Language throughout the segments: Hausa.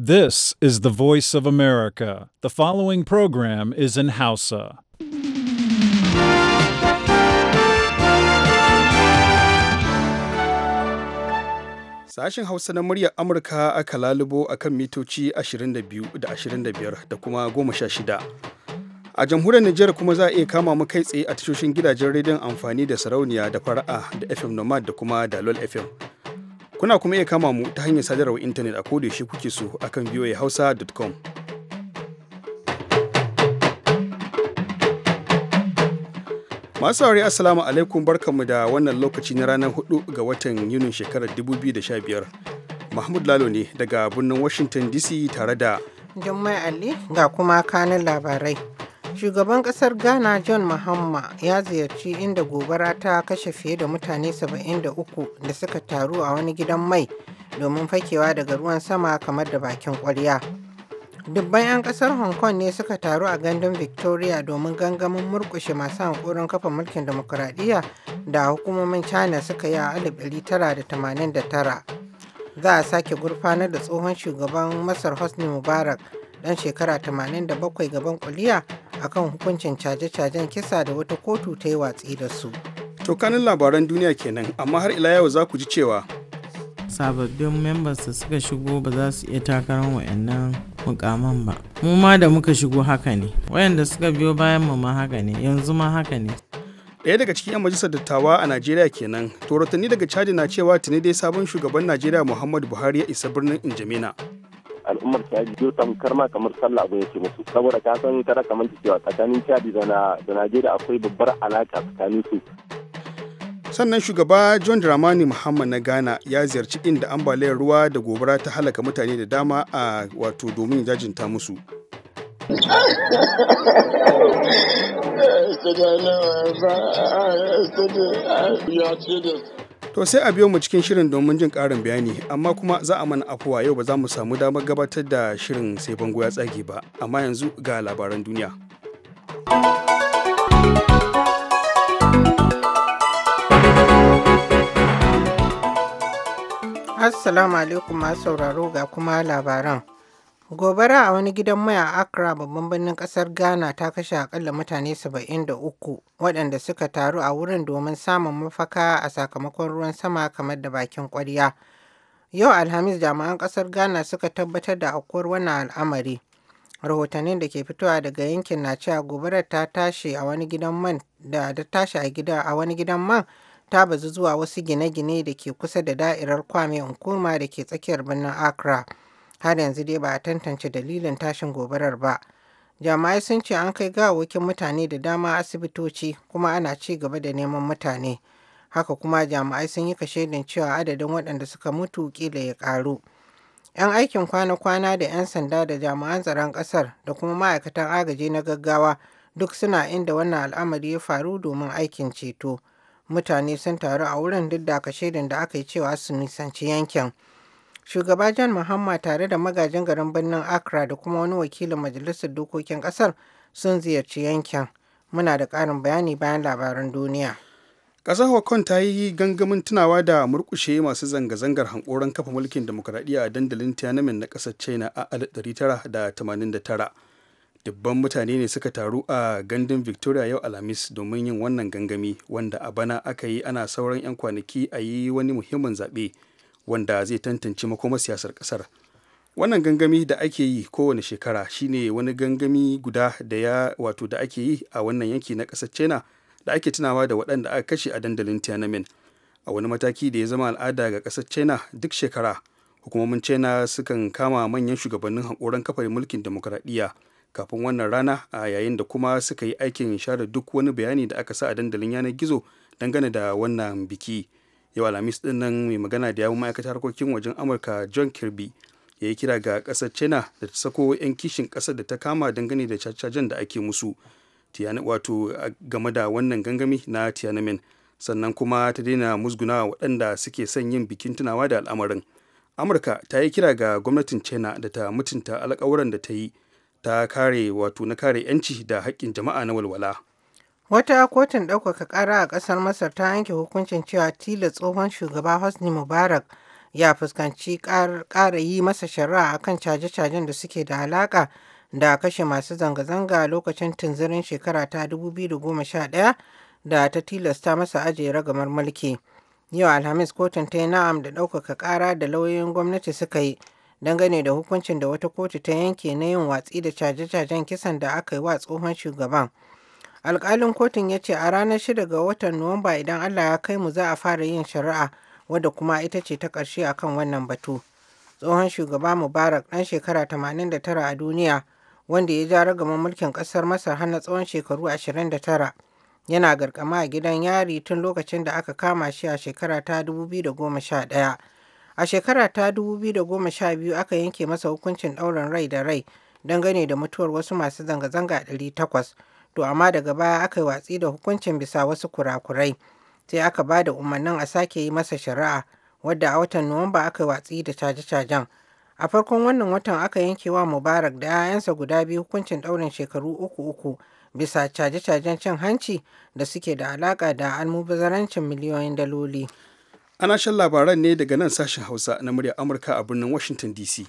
This is the voice of America. The following program is in Hausa. Sashen Hausa na muryar Amurka aka lalubo a kan mitoci 22 da 25 da kuma 16. A jamhuriyar Nijar kuma za a iya kama mu kai tsaye a tashoshin gidajen rediyon amfani da sarauniya da fara'a da FM Nomad da kuma Dalol FM. Kuna kuma iya kama mu ta hanyar sadarwar intanet a kodayaushe kuke so a kan akan voahausa.com. Masu saurari Assalamu alaikum barkanmu da wannan lokaci na ranar 4 ga watan Yunin shekarar 2015. Mahmud Lalo ne daga birnin Washington DC tare da Jummai Ali ga kuma kanin labarai. Shugaban kasar Ghana John Mahama ya ziyarci inda gobara ta kashe fiye da mutane 73 da suka taru a wani gidan mai domin fakewa daga ruwan sama kamar da bakin kwarya. Dubban 'yan kasar Hong Kong ne suka taru a gandun Victoria domin gangamin murkushe masu hankurin kafa mulkin demokuraɗiyya da hukumomin China suka yi a 1989. Za a sake gurfanar da tsohon shugaban Masar Hosni Mubarak dan shekara 87 gaban kuliya akan hukuncin caje-cajen kisa da wata kotu ta yi watsi da su. To kanin labaran duniya kenan, amma har ila yau za ku ji cewa sababbin members da suka shigo ba za su iya takarar wayannan mukaman ba. Mu ma da muka shigo haka ne, wayanda suka biyo bayan mu ma haka ne, yanzu ma haka ne. Ɗaya daga cikin 'yan majalisar dattawa a Najeriya kenan, to daga Chadi na cewa tuni dai sabon shugaban Najeriya Muhammadu Buhari ya isa birnin Injamina. al'ummar yi jota tamkar ma kamar sallah abin yake musu saboda ka san kada kamar cewa tsakanin chadi da najeriya akwai babbar alaka tsakanin su sannan shugaba john dramani muhammad na ghana ya ziyarci inda ambaliyar ruwa da gobara ta halaka mutane da dama a wato domin jajinta musu ya ce da To sai a biyo mu cikin shirin domin jin ƙarin bayani, amma kuma za a mana afuwa yau ba za mu samu damar gabatar da shirin sai bango ya tsage ba, amma yanzu ga labaran duniya. Assalamu alaikum masu sauraro ga kuma labaran. Gobara a wani gidan mai a Accra babban birnin kasar Ghana ta kashe akalla mutane 73 waɗanda suka taru a wurin domin samun mafaka a sakamakon ruwan sama kamar da bakin ƙwarya. Yau Alhamis jama'an kasar Ghana suka tabbatar da aukuwar wannan al'amari. Rahotannin da ke fitowa daga yankin na cewa gobarar ta tashi a wani gidan man da ta tashi a gida a wani gidan man ta bazu zuwa wasu gine-gine da ke kusa da da'irar Kwame Nkrumah da ke tsakiyar birnin Accra. har yanzu dai ba a tantance dalilin tashin gobarar ba jama'ai sun ce an kai wakin mutane da dama asibitoci kuma ana ci gaba da neman mutane haka kuma jama'ai sun yi kashedin cewa adadin waɗanda suka mutu kila ya ƙaru 'yan aikin kwana-kwana da 'yan sanda da jami'an tsaron ƙasar da kuma ma'aikatan agaji na gaggawa duk suna inda wannan al'amari ya faru domin aikin ceto mutane sun taru a wurin duk da kashedin da aka yi cewa su nisanci yankin Shugaba John Mahama tare da magajin garin birnin Accra da kuma wani wakilin majalisar dokokin kasar sun ziyarci yankin. Muna da ƙarin bayani bayan labaran duniya. Ƙasar hokon ta yi gangamin tunawa da murkushe masu zanga-zangar hankoron kafa mulkin demokuraɗiyya a dandalin Tiananmen na ƙasar China a 1989. Dubban mutane ne suka taru a gandun Victoria yau Alhamis domin yin wannan gangami wanda a bana aka yi ana sauran 'yan kwanaki a yi wani muhimmin zaɓe. wanda zai tantance makoma siyasar kasar wannan gangami da ake yi kowane shekara shine wani gangami guda da ya wato da ake yi a wannan yanki na kasar china da ake tunawa da waɗanda aka kashe a dandalin tiananmen a wani mataki da ya zama al'ada ga kasar china duk shekara hukumomin china sukan kama manyan shugabannin hankoran kafar mulkin demokuraɗiyya kafin wannan rana a yayin da kuma suka yi aikin share duk wani bayani da aka sa a dandalin yanar gizo dangane da wannan biki yau alhamis din nan mai magana da yawun ma'aikatar harkokin wajen amurka john kirby ya yi kira ga ƙasar china da ta sako 'yan kishin ƙasar da ta kama dangane da cacajen da ake musu wato game da wannan gangami na tiananmen sannan kuma ta daina musguna waɗanda suke son yin bikin tunawa da al'amarin amurka ta yi kira ga gwamnatin china da ta mutunta alƙawuran da ta yi ta kare wato na kare 'yanci da haƙƙin jama'a na walwala Wata kotun ɗaukaka ƙara a ƙasar Masar ta yanke hukuncin cewa tila tsohon shugaba Hosni Mubarak ya fuskanci ƙara yi masa shari'a a kan caje-cajen da suke da alaƙa da kashe masu zanga-zanga lokacin tunzirin shekara ta 2011 da ta tilasta masa ajiye ragamar mulki. Yau Alhamis kotun ta yi na'am da ɗaukaka ƙara da lauyoyin gwamnati suka yi dangane da hukuncin da wata kotu ta yanke na yin watsi da caje-cajen kisan da aka yi wa tsohon shugaban. alkalin kotun ya ce a ranar 6 ga watan nuwamba idan allah ya kai mu za a fara yin shari'a wadda kuma ita ce ta ƙarshe a kan wannan batu tsohon shugaba mubarak ɗan shekara 89 a duniya wanda ya ja ragaman mulkin ƙasar masar har na tsawon shekaru 29 yana garkama a gidan yari tun lokacin da aka kama shi a shekara ta 2011 a shekara ta 2012 aka yanke masa hukuncin ɗaurin rai da rai dangane da mutuwar wasu masu zanga-zanga 800 to amma daga baya aka yi watsi da hukuncin bisa wasu kurakurai sai aka ba da umarnin a sake yi masa shari'a wadda a watan nuwamba aka yi watsi da caje-cajen a farkon wannan watan aka yanke wa mubarak da 'ya'yansa guda biyu hukuncin ɗaurin shekaru uku uku bisa caje-cajen cin hanci da suke da alaƙa da almubazarancin miliyoyin daloli ana shan labaran ne daga nan sashen hausa na murya amurka a birnin washington dc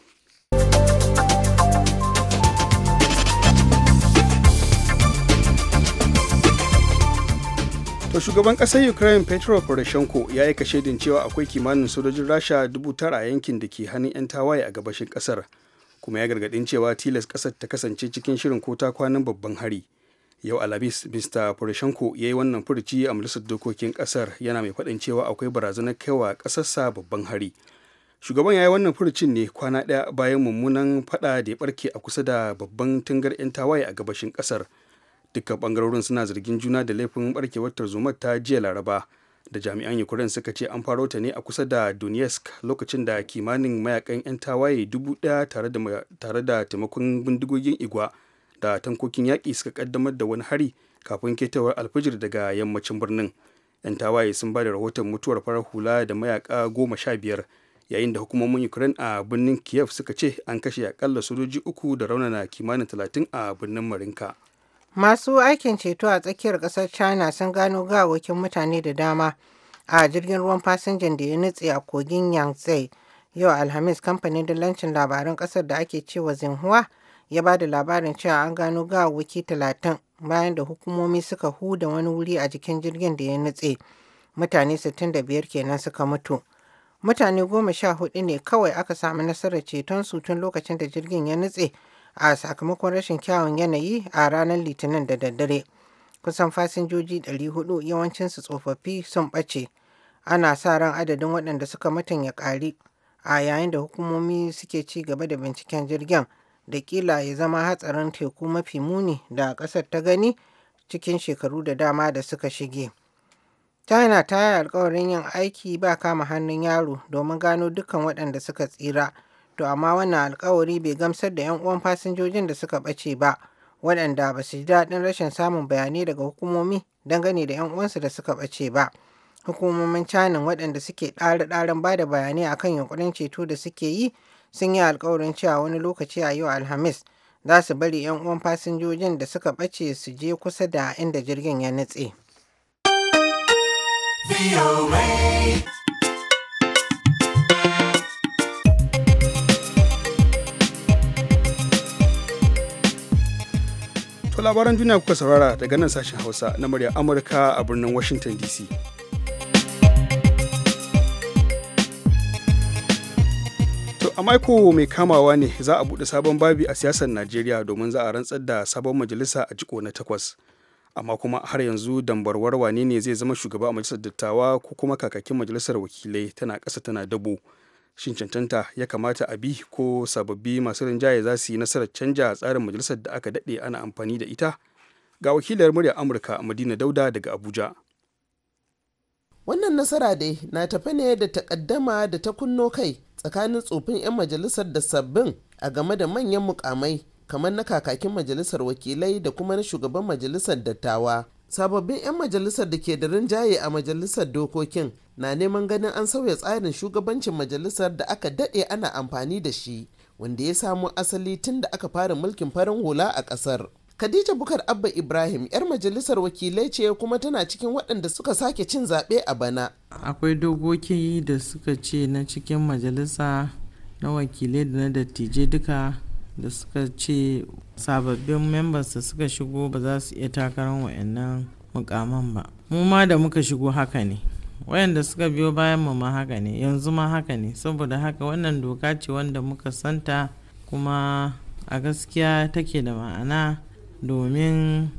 to shugaban kasar ukraine petro poroshenko ya aika shaidin cewa akwai kimanin sojojin rasha dubu tara a yankin da ke hannun 'yan tawaye a gabashin kasar kuma ya gargaɗin cewa tilas kasar ta kasance cikin shirin ko ta kwanan babban hari yau alhamis mr poroshenko ya yi wannan furuci a majalisar dokokin kasar yana mai faɗin cewa akwai barazanar kaiwa kasarsa babban hari shugaban ya yi wannan furucin ne kwana ɗaya bayan mummunan faɗa da ya ɓarke a kusa da babban tungar 'yan tawaye a gabashin kasar. dukkan bangarorin suna zargin juna da laifin barkewar tarzomar ta jiya laraba da jami'an ukraine suka ce an faro ta ne a kusa da donetsk lokacin da kimanin mayakan 'yan tawaye dubu daya tare da taimakon bindigogin igwa da tankokin yaƙi suka kaddamar da wani hari kafin ketawar alfijir daga yammacin birnin 'yan tawaye sun ba da rahoton mutuwar farar hula da mayaka goma sha biyar yayin da hukumomin ukraine a birnin kiev suka ce an kashe akalla sojoji uku da raunana kimanin talatin a birnin marinka Masu aikin ceto a tsakiyar ƙasar China sun gano gawakin mutane da dama a jirgin ruwan fasinjan da ya nutse a kogin Yangtze. Yau Alhamis kamfanin dillancin labaran ƙasar da ake cewa Zinhua ya ba da labarin cewa an gano gawaki talatin bayan da hukumomi suka huda wani wuri a jikin jirgin da ya nutse. Mutane 65 kenan suka mutu. Mutane goma sha hudu ne kawai aka samu nasarar ceton su tun lokacin da jirgin ya nutse a sakamakon rashin kyawun yanayi a ranar litinin da daddare kusan fasinjoji 400 yawancinsu tsofaffi sun ɓace ana sa ran adadin waɗanda suka mutum ya ƙari a yayin da hukumomi suke ci gaba da binciken jirgin da kila ya zama hatsarin teku mafi muni da ƙasar ta gani cikin shekaru da dama da suka shige china ta yi alkawarin yin aiki ba kama hannun yaro domin gano dukkan waɗanda suka tsira to amma wannan alkawari bai gamsar da 'yan uwan fasinjojin da suka ɓace ba waɗanda ba su ji daɗin rashin samun bayanai daga hukumomi gani da 'yan uwansu da suka ɓace ba hukumomin canin waɗanda suke ɗare-ɗaren ba da bayanai akan yunkurin ceto da suke yi sun yi alkawarin cewa wani lokaci a yau alhamis za su bari 'yan uwan fasinjojin da suka ɓace su je kusa da inda jirgin ya nutse. To labaran duniya kuka saurara daga nan sashen Hausa na murya Amurka a birnin Washington DC. To a maiko mai kamawa ne za a buɗe sabon babi a siyasar Najeriya domin za a rantsar da sabon majalisa a jiko na takwas. Amma kuma har yanzu dambarwar wane ne zai zama shugaba a majalisar dattawa ko kuma kakakin majalisar wakilai tana ƙasa tana dabo. shin cancanta ya kamata a bi ko sababbi masu rinjaye za su yi nasarar canja tsarin majalisar da aka daɗe ana amfani da ita ga wakilar muryar amurka madina dauda daga abuja wannan nasara dai na tafi ne da takaddama da ta kunno kai tsakanin tsofin 'yan majalisar da sabbin a game da manyan mukamai kamar na kakakin majalisar wakilai da kuma na shugaban majalisar dattawa sababbin 'yan majalisar da ke da rinjaye a majalisar dokokin na neman ganin an sauya tsarin shugabancin majalisar da aka daɗe ana amfani da shi wanda ya samo asali tun da aka fara mulkin farin hula a ƙasar. Khadija Bukar Abba Ibrahim 'yar majalisar wakilai ce kuma tana cikin waɗanda suka sake cin zaɓe a bana. Akwai dokoki da suka ce na cikin majalisa na wakilai da na dattijai duka da suka ce sababbin members da suka shigo ba za su iya takarar wayannan mukaman ba mu ma da muka shigo haka ne wayanda suka biyo bayan mu ma haka ne yanzu ma haka ne saboda haka wannan doka ce wanda muka santa kuma a gaskiya take da ma'ana domin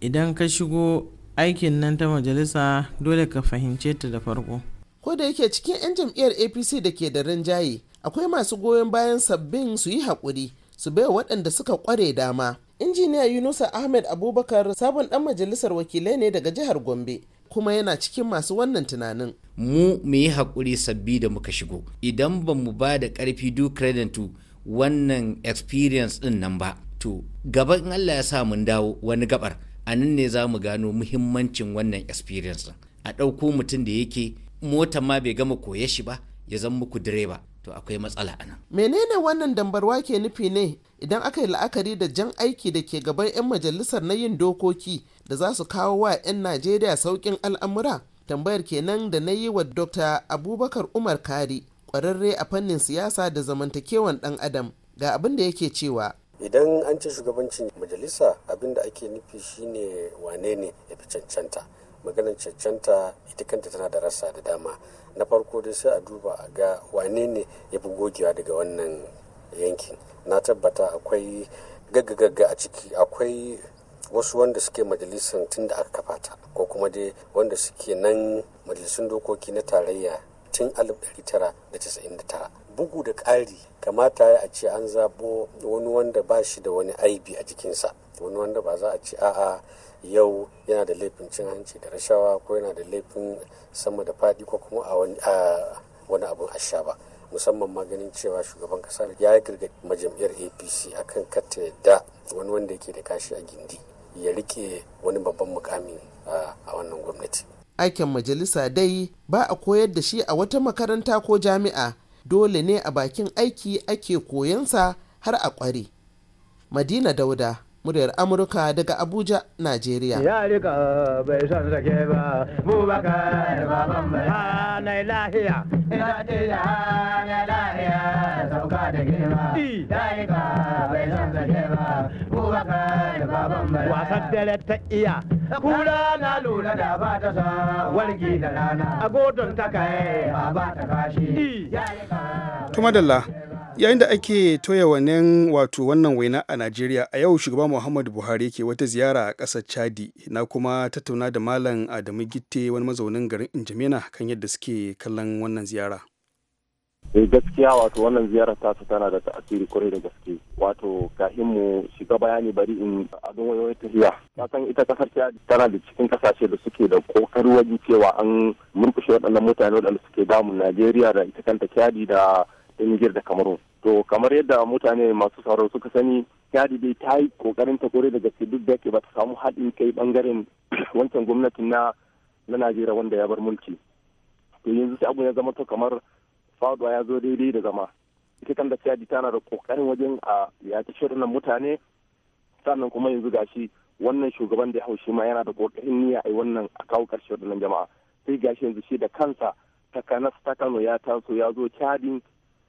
idan ka shigo aikin nan ta majalisa dole ka fahimce ta da farko ko da yake cikin 'yan jam'iyyar apc da ke da rinjaye akwai masu goyon bayan sabbin su yi haƙuri su bai waɗanda suka ƙware dama injiniya yunusa ahmed abubakar sabon ɗan majalisar wakilai ne daga jihar gombe kuma yana cikin masu wannan tunanin mu mu yi haƙuri sabbi da muka shigo idan ba mu ba da ƙarfi duk credit to wannan experience ɗin nan ba to gaba in allah ya sa mun dawo wani gabar a nan ne za mu gano muhimmancin wannan experience a ɗauko mutum da yake mota ma bai gama koya shi ba ya zan muku direba to akwai matsala a nan. menene wannan dambarwa ke nufi ne idan aka yi la'akari da jan aiki da ke gaban 'yan majalisar na yin dokoki da za su kawo wa 'yan najeriya sauƙin al'amura tambayar kenan da na yi wa dr abubakar umar kari kwararre a fannin siyasa da zamantakewan ɗan adam ga abin da yake cewa idan an ce shugabancin majalisa abin da ake nufi shine wane ne ya fi cancanta maganar cancanta ita kanta tana da rasa da dama na farko dai sai a duba a ga wane ne ya fi gogewa daga wannan yankin na tabbata akwai gaggagagga a ciki akwai wasu wanda suke majalisar tun da aka kafa ta ko kuma dai wanda suke nan majalisun dokoki na tarayya tun 1999 bugu da ƙari kamata ya a ce an zabo wani wanda ba shi da wani aibi a jikinsa wani wanda ba za a ce a'a yau yana da laifin cin hanci da rashawa ko yana da laifin sama da faɗi ko kuma a wani abin asha ba musamman ma ganin cewa shugaban kasa ya yi girgit majam'iyar apc akan kata da wani wanda yake da kashi a gindi ya rike wani babban mukami a wannan gwamnati aikin majalisa dai ba a koyar da shi a wata makaranta ko jami'a dole ne a bakin aiki ake koyansa har a kware madina dauda muryar amurka daga abuja najeriya ya rika bai son sake ba bubakar baban mai hana lahiya ina ce da hana lahiya sauka da girma ya rika bai son sake ba bubakar baban mai wasan dare ta iya kula na lura da ba ta sa wargi da rana a godon ta kai eh, ba ta kashi ya rika kuma dalla yayin da ake toya wannan wato wannan waina a najeriya a yau shugaba muhammadu buhari yake wata ziyara a ƙasar chadi na kuma tattauna da malam adamu gitte wani mazaunin garin injimena kan yadda suke kallon wannan ziyara eh gaskiya wato wannan ziyara ta su tana da ta'asiri kwarai da gaske wato kafin mu shiga bayani bari in abin wayoyi tafiya san ita kasar ta tana da cikin kasashe da suke da kokari wajen cewa an murkushe waɗannan mutane waɗanda suke damun najeriya da ita kanta kyadi da ingir da kamaru. to kamar yadda mutane masu sauraro suka sani gadi dai ta yi kokarin ta kore daga gaske duk da yake ba ta samu haɗin kai bangaren wancan gwamnati na na najeriya wanda ya bar mulki to yanzu sai abu ya zama to kamar faduwa ya zo daidai da zama ita kan da tana da kokarin wajen a ya ta shirin mutane sannan kuma yanzu gashi wannan shugaban da ya haushi ma yana da kokarin niyya a yi wannan a kawo ƙarshe wannan jama'a sai gashi yanzu shi da kansa ta kanas kano ya taso ya zo cadin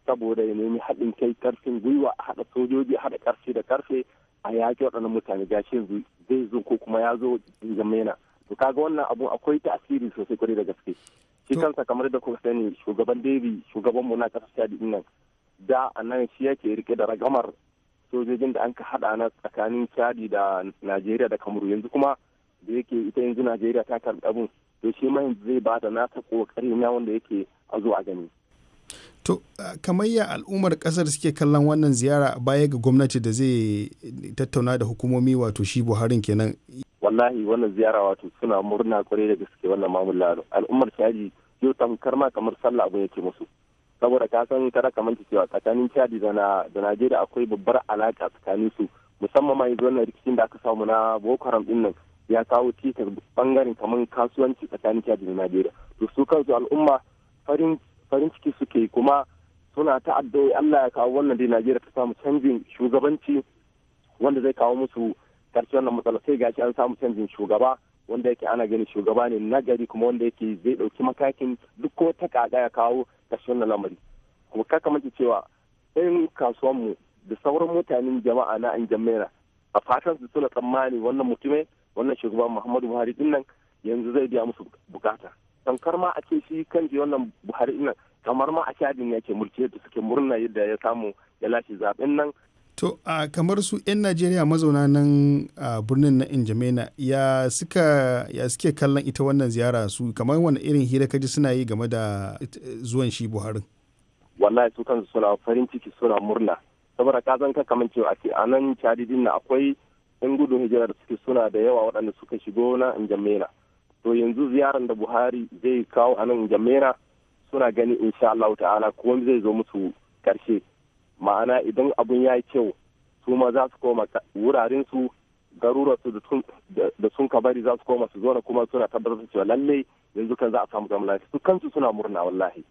saboda ya nemi haɗin kai karfin gwiwa a haɗa sojoji a haɗa ƙarfi da ƙarfe a yaƙi waɗannan mutane gashi yanzu zai zo ko kuma ya zo zamena to kaga wannan abun akwai tasiri sosai kwarai da gaske shi kansa kamar da kuka sani shugaban davi shugaban mu na ƙasar chad nan da a nan shi yake rike da ragamar sojojin da an ka haɗa na tsakanin chadi da najeriya da kamaru yanzu kuma da yake ita yanzu najeriya ta karɓi abun to shi ma yanzu zai ba da nasa ƙoƙarin ya wanda yake a zo a gani To, kamar ya al'ummar kasar suke kallon wannan ziyara baya ga gwamnati da zai tattauna da hukumomi wato shi Buharin kenan. Wallahi wannan ziyara wato suna murna kwarai da gaske wannan mamulla al'ummar Chadi yau tamkar ma kamar sallah abin yake musu. Saboda ka san kada kamar cewa tsakanin Chadi da Najeriya akwai babbar alaƙa tsakanin su musamman ma yanzu wannan rikicin da aka samu na Boko Haram din nan ya kawo cikas bangaren kamar kasuwanci tsakanin Chadi da Najeriya. To su kansu al'umma farin farin ciki suke kuma suna ta addu'o'i Allah ya kawo wannan dai Najeriya ta samu canjin shugabanci wanda zai kawo musu karshen wannan matsala sai gashi an samu canjin shugaba wanda yake ana ganin shugaba ne nagari kuma wanda yake zai dauki matakin duk ko ta kaga ya kawo karshen wannan lamari kuma kaka mace cewa in mu da sauran mutanen jama'a na an jammera a fatan su suna tsammani wannan mutume wannan shugaban Muhammadu Buhari din nan yanzu zai biya musu bukata tamkar ma a ce shi kan je wannan buhari nan kamar ma a cadin yake mulki yadda suke murna yadda ya samu ya lashe zaben nan to a kamar su 'yan najeriya mazauna nan a birnin na injamena ya suka ya suke kallon ita wannan ziyara su kamar wani irin hira kaji suna yi game da zuwan shi buharin wallahi su kansu suna farin ciki suna murna saboda ka zanka kamar cewa ake a nan cadi din akwai yan gudun hijira da suke suna da yawa waɗanda suka shigo na injamena to yanzu ziyaran da buhari zai kawo a nan jamera suna gani insha Allah ta'ala kuma zai zo musu karshe ma'ana idan abun ya yi kyau su ma za su koma wuraren su da sun ka bari za su koma su zo kuma suna tabbatar cewa lalle yanzu kan za a samu zaman lafiya su kansu suna murna wallahi.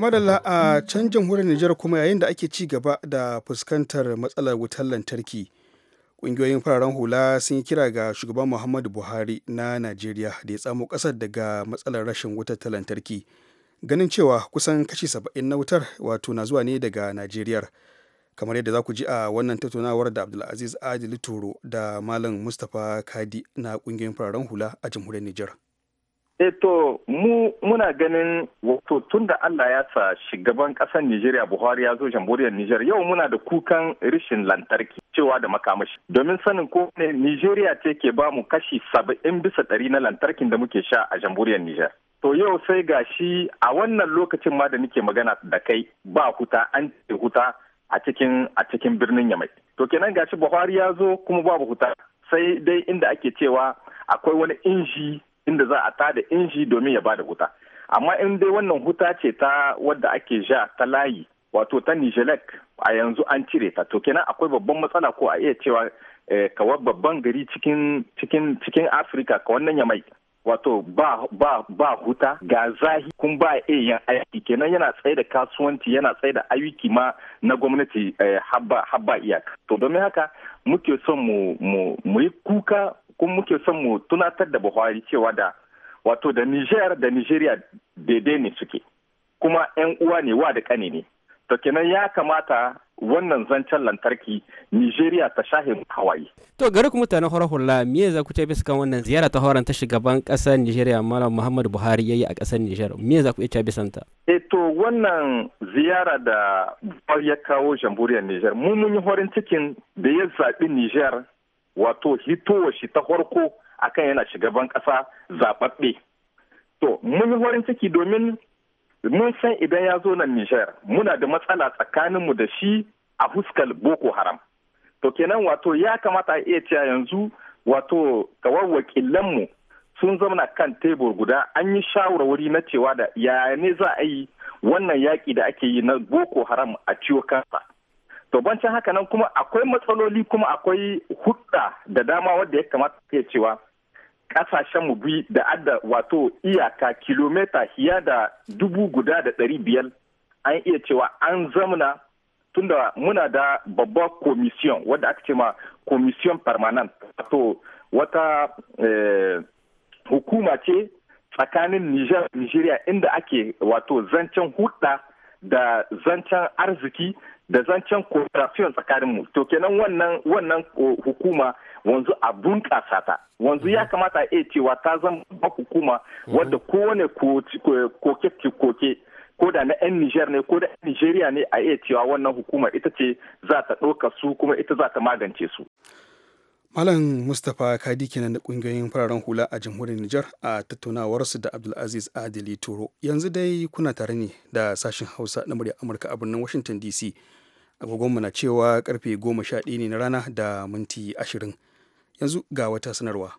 kuma a can jamhuriyar Nijar kuma yayin da ake ci gaba da fuskantar matsalar wutar lantarki ƙungiyoyin fararen hula sun yi kira ga shugaban Muhammadu Buhari na Najeriya da ya tsamo ƙasar daga matsalar rashin wutar ta lantarki ganin cewa kusan kashi saba'in na wutar wato na zuwa ne daga Najeriya kamar yadda za ku ji a wannan tattaunawar da Abdulaziz Adili Toro da Malam Mustapha Kadi na ƙungiyoyin fararen hula a jamhuriyar Nijar. eto eh, mu muna ganin wato tun da Allah ya sa shugaban ƙasar Nijeriya Buhari ya zo jamhuriyar Nijar yau muna da kukan rishin lantarki cewa da makamashi domin sanin ko ne Nijeriya ce ke ba mu kashi saba'in bisa ɗari na lantarkin da muke sha a jamhuriyar Nijar. To yau sai ga shi a wannan lokacin ma da nake magana da kai ba huta an ce huta a cikin a cikin birnin Yamai. To kenan gashi Buhari ya zo kuma babu huta sai dai inda ake cewa akwai wani inji inda za a tada inji domin ya bada wuta amma in dai wannan huta ce ta wadda ake ja ta layi wato ta nijelek a yanzu an cire ta to kenan akwai babban matsala ko a iya cewa eh, kawar babban gari cikin afirka ka wannan ya mai wato ba huta ga zahi kun ba iya aiki kenan yana tsaye da kasuwanci yana tsaye da ayyuki ma na gwamnati eh, habba iyaka to domin haka muke son mu yi kuka kuma muke son mu tunatar da buhari cewa da wato da niger da nigeria daidai ne suke kuma 'yan uwa ne wa da kane ne to kenan ya kamata wannan zancen lantarki nigeria ta shahin hawaii to gari ku mutanen hula me za ku ce bisa kan wannan ziyara ta horon ta shugaban kasar nigeria malam muhammadu buhari yayi a kasar niger me za ku ce bisa ta e to wannan ziyara da ya kawo jamhuriyar niger mu mun yi horin cikin da ya zaɓi niger wato hitowa shi ta farko akan yana shugaban ƙasa zaɓaɓɓe. To, mun yi farin ciki domin mun san idan ya zo nan Nijar muna da matsala tsakaninmu da shi a fuskar Boko Haram. To kenan wato ya kamata a iya cewa yanzu wato kawar wakilanmu sun zauna kan tebur guda an yi shawarwari na cewa da yaya ne za a yi wannan yaƙi da ake yi na Boko Haram a ciwo kansa. to bancin haka nan kuma akwai matsaloli kuma akwai hudda da dama wadda ya kamata ke cewa kasashen mu bi da adda wato iyaka kilomita hiya da dubu guda da ɗari biyar an iya cewa an zamana tunda muna da babbar commission wadda aka ce ma permanent wato wata eh, hukuma ce tsakanin Niger Nigeria inda ake wato zancen hudda da zancen arziki da zancen cooperation tsakanin mu to kenan wannan wannan eh, hukuma wanzu a bunƙasa ta wanzu ya mhm. kamata a cewa ta zama hukuma mhm. wadda kowane koke-koke ko da na 'yan Nijar ne ko da 'yan Nijeriya ne a iya cewa wannan hukuma ita ce za ta ɗauka su kuma ita za ta magance su. Malam Mustapha Kadi kenan da kungiyoyin fararen hula a jamhuriyar Nijar a tattaunawarsu da Abdulaziz Adili Toro. Yanzu dai kuna tare ne da sashen Hausa na murya Amurka a birnin Washington DC. agogonmu na cewa karfe goma sha ɗaya ne na rana da minti ashirin yanzu ga wata sanarwa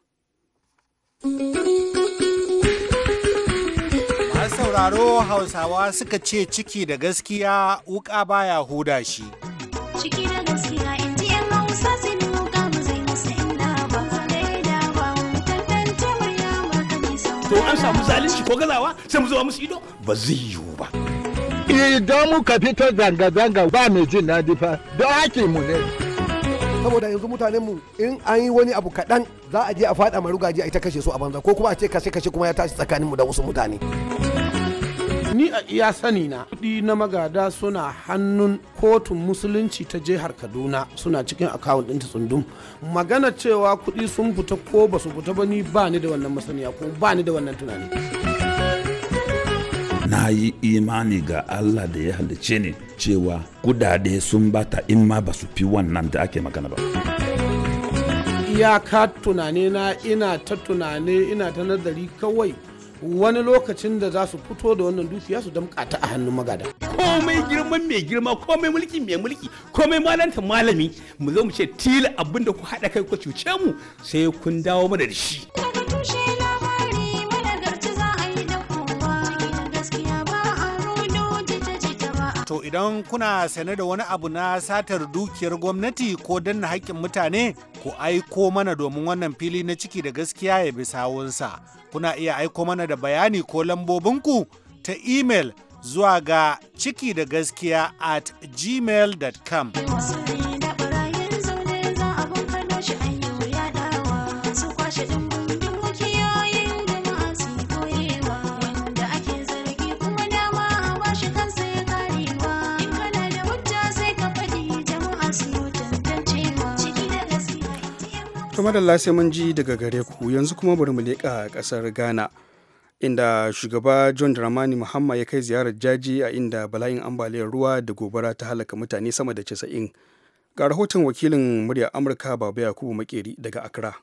masu sauraro hausawa suka ce ciki da gaskiya wuka baya huda shi ciki to an samu zalunci ko gazawa sai mu zuwa musu ido ba zai yiwu ba idan muka fito zanga-zanga ba mai jin daɗi fa don mu ne saboda yanzu mutanen mu in an yi wani abu kaɗan za a je a faɗa marugaji a ita kashe su a banza ko kuma a ce kashe-kashe kuma ya tashi tsakanin mu da wasu mutane ni a iya sani na kuɗi na magada suna hannun kotun musulunci ta jihar kaduna suna cikin akawun ɗinta tsundum magana cewa kuɗi sun fita ko ba su fita ba ni ba ni da wannan masaniya ko ba ni da wannan tunani na yi imani ga Allah da ya halice ni cewa kudade sun bata in ma ba su fi wannan da ake magana ba. Iyaka tunane na ina ta tunane ina ta nazari kawai wani lokacin da za su fito da wannan dukiya su damƙa ta a hannun magada. Komai girman mai girma, komai mulki mai mulki, komai malanta malami, mu zo mu ce tila abinda ku haɗa kai ku cuce mu sai kun dawo mana da shi. To idan kuna sane da wani abu na satar dukiyar gwamnati ko danna haƙƙin mutane ku aiko mana domin wannan fili na ciki da gaskiya ya bi sawunsa. Kuna iya aiko mana da bayani ko lambobinku ta email zuwa ga ciki da gaskiya at gmail.com. kamar da sai mun ji daga gare ku yanzu kuma bari mu leƙa ƙasar ghana inda shugaba john dramani muhammad ya kai ziyarar jaji a inda bala'in ambaliyar ruwa da gobara ta halaka mutane sama da casa'in ga rahoton wakilin muryar amurka baba yakubu makeri daga accra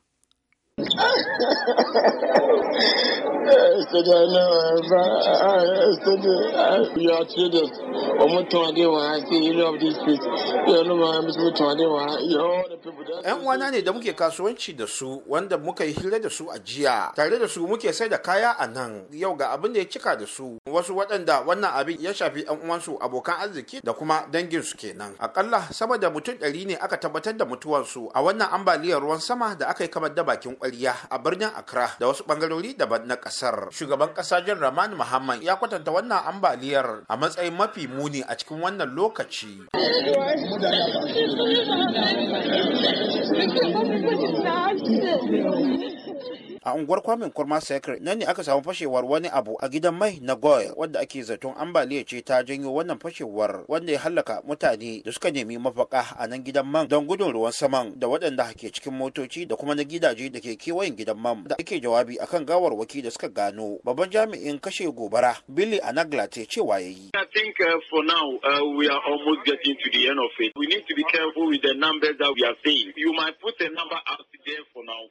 wana ne da muke kasuwanci da su wanda muka yi hira da su a jiya tare da su muke sai da kaya a nan yau ga abin da ya cika da su wasu waɗanda wannan abin ya shafi yan uwansu abokan arziki da kuma danginsu su kenan akalla sama da mutum ɗari ne aka tabbatar da mutuwarsu a wannan ambaliyar ruwan sama da aka yi kamar da bakin ƙarya a birnin Accra da wasu bangarori daban na ƙasar. Shugaban ƙasa Jan Rahman Muhammad ya kwatanta wannan ambaliyar a matsayin mafi muni a cikin wannan lokaci. a unguwar kwamin kurma sekre nan ne aka samu fashewar wani abu a gidan mai na goy wanda ake zaton ambaliya ce ta janyo wannan fashewar wanda ya hallaka mutane da suka nemi mafaka a nan gidan man don gudun ruwan saman da waɗanda ke cikin motoci da kuma na gidaje da ke kewayen gidan man da ake jawabi akan gawarwaki da suka gano babban jami'in kashe gobara billy ce cewa ya yi i think uh, for now uh, we are almost getting to the end of it we need to be careful with the numbers that we are seeing you might put a number out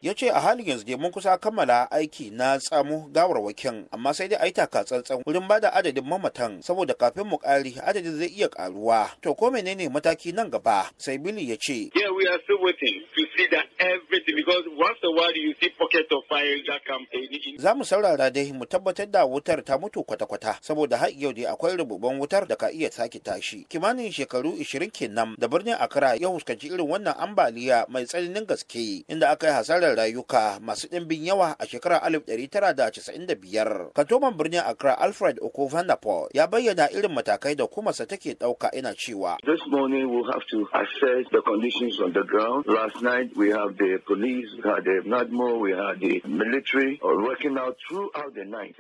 ya ce a halin yanzu mun kusa kammala aiki na tsamu gawarwakin amma sai dai a yi takatsantsan wurin ba da adadin mamatan saboda kafin mu ƙari, adadin zai iya ƙaruwa. to ko menene mataki nan gaba sai bili ya ce see that everything because once a while you see pocket of fire that come Za mu saurara dai mu tabbatar da wutar ta mutu kwata-kwata saboda har yau dai akwai rububan wutar da ka iya sake tashi. Kimanin shekaru 20 kenan da birnin Accra ya fuskanci irin wannan ambaliya mai tsananin gaske inda aka yi hasarar rayuka masu ɗimbin yawa a shekarar 1995. Kantoman birnin Accra Alfred Okovandapo ya bayyana irin matakai da sa take ɗauka ina cewa. This morning we'll have to assess the conditions on the ground. Last night government, we have the police, we have the NADMO, we have the military or working out throughout the night.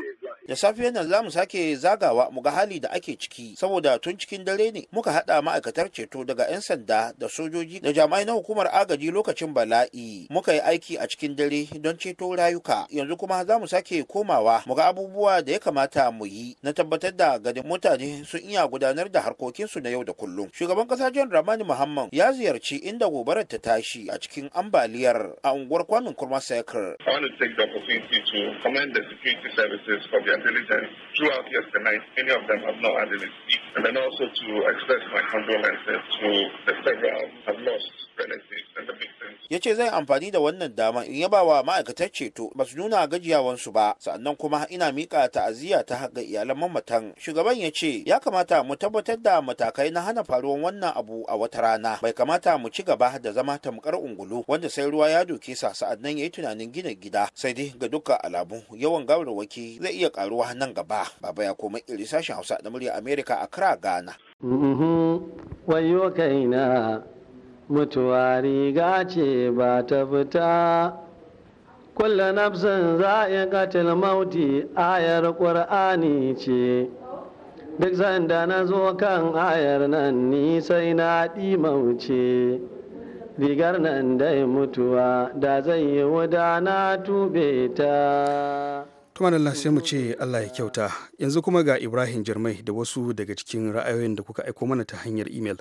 Da safiyar nan za mu sake zagawa mu ga hali da ake ciki saboda tun cikin dare ne muka haɗa ma'aikatar ceto daga 'yan sanda da sojoji da jami'ai na hukumar agaji lokacin bala'i muka yi aiki a cikin dare don ceto rayuka yanzu kuma za mu sake komawa mu ga abubuwa da ya kamata mu yi na tabbatar da gadin mutane sun iya gudanar da harkokinsu na yau da kullum. Shugaban ƙasa John Ramani Muhammad ya ziyarci inda gobarar ta tashi a cikin cikin ambaliyar a unguwar kwamin kurma sayakar. ya ce zai amfani da wannan dama in yaba wa ma'aikatar ceto ba su nuna gajiyawansu ba sannan kuma ina miƙa ta'aziyya ta haƙa iyalan mamatan shugaban ya ce ya kamata mu tabbatar da matakai na hana faruwan wannan abu a wata rana bai kamata mu ci gaba da zama tamkar unguwa dangulu wanda sai ruwa ya doke sa sa'annan ya yi tunanin gina gida sai dai ga dukkan alamu yawan gawarwaki zai iya karuwa nan gaba baba ya koma iri sashen hausa da murya america a kira ghana wayo kaina mutuwa riga ce ba ta fita kulla nafsin za katil mauti ayar qur'ani ce duk sanda na zo kan ayar nan ni sai na ɗi mauce rigar nan dai mutuwa da zai yi wuda na tube ta kuma Allah sai mu ce Allah ya kyauta yanzu kuma ga Ibrahim Jirmai da wasu daga cikin ra'ayoyin da kuka aiko mana ta hanyar imel.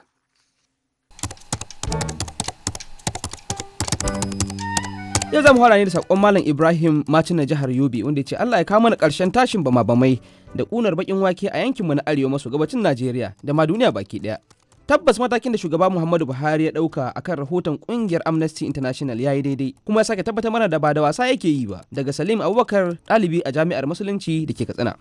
yau zamu fara ne da saƙon malam ibrahim macin na jihar yobe wanda ya ce allah ya kawo mana karshen tashin bama bamai da ƙunar baƙin wake a yankinmu na arewa maso gabacin najeriya da ma duniya baki ɗaya. tabbas matakin da shugaba muhammadu buhari ya dauka kan rahoton kungiyar amnesty international ya yi daidai kuma ya sake tabbatar mana da ba da wasa yake yi ba daga salim abubakar dalibi a jami'ar musulunci da ke katsina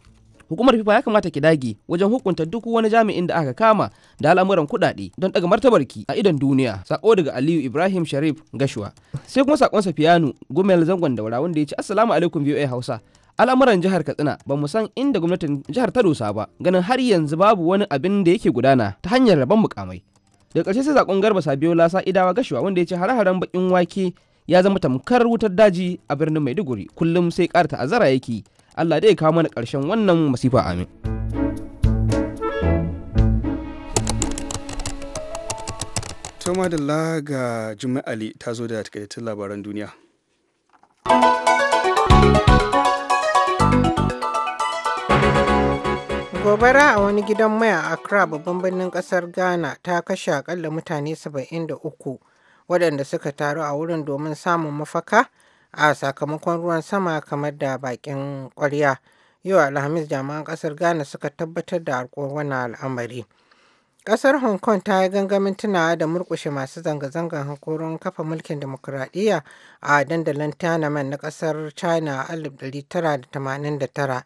hukumar fifa ya kamata ki dage wajen hukunta duk wani jami'in da aka kama da al'amuran kuɗaɗe don daga martabarki a idon duniya sako daga aliyu ibrahim sharif gashuwa sai kuma sakon safiyanu gumel zangon daura wanda ya ce assalamu alaikum voa hausa al'amuran jihar katsina ba mu san inda gwamnatin jihar ta dosa ba ganin har yanzu babu wani abin da yake gudana ta hanyar rabon mukamai da ƙarshe sai zakon garba sabiyo lasa idawa gashuwa wanda ya ce hare-haren bakin wake ya zama tamkar wutar daji a birnin maiduguri kullum sai ƙara ta'azzara yake allah dai ya kawo mana ƙarshen wannan masifa amin Tuma da laga Jummai Ali ta zo da takaitattun labaran duniya. Gobara a wani gidan mai a Accra babban birnin kasar Ghana ta kashe akalla mutane 73 waɗanda suka taru a wurin domin samun mafaka a sakamakon ruwan sama kamar da bakin ƙwarya. Yau Alhamis jami'an kasar Ghana suka tabbatar da arkuwar wannan al'amari. Kasar Hong Kong ta yi gangamin tunawa da murkushe masu zanga-zangar hankoron kafa mulkin demokuraɗiyya a dandalin Tiananmen na kasar China a 1989.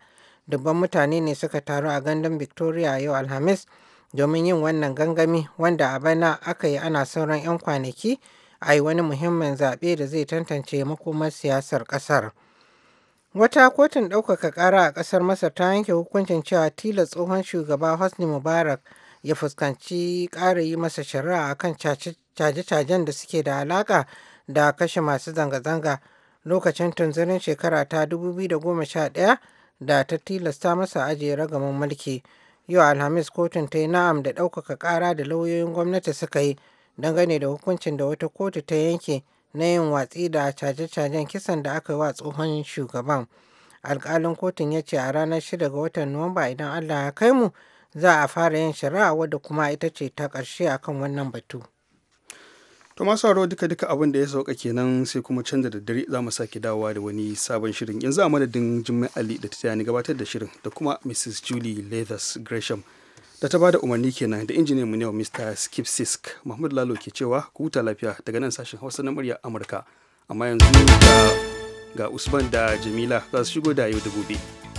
dubban mutane ne suka taru a gandun victoria yau alhamis domin yin wannan gangami wanda a bana aka yi ana sauran 'yan kwanaki a yi wani muhimmin zaɓe da zai tantance makomar siyasar ƙasar wata kotun ɗaukaka ƙara a ƙasar masar ta yanke hukuncin cewa tilas tsohon shugaba hosni mubarak ya fuskanci ƙara yi masa shari'a a kan caje-cajen da suke da alaƙa da kashe masu zanga-zanga lokacin tunzirin shekara ta 2011 da ta tilasta masa ajiye ragaman mulki yau alhamis kotun ta yi na'am da ɗaukaka ƙara da lauyoyin gwamnati suka yi dangane da hukuncin da wata kotu ta yanke na yin watsi da caje-cajen kisan da aka yi wa tsohon shugaban alkalin kotun ya ce a ranar shida ga watan nuwamba idan allah ya kai mu za a fara yin shari'a wadda kuma ita ce ta ƙarshe akan wannan batu. To masu haro duka duka abin da ya sauka kenan sai kuma canza da dare za mu sake dawowa da wani sabon shirin yanzu a madadin jimmy Ali da ta ni gabatar da shirin da kuma Mrs. Julie Leathers Gresham da ta bada umarni kenan da injiniyan mu ne wa Mr. Skip Sisk Mahmud Lalo ke cewa ku huta lafiya daga nan sashen Hausa na murya Amurka amma yanzu ga Usman da Jamila za su shigo da yau da gobe.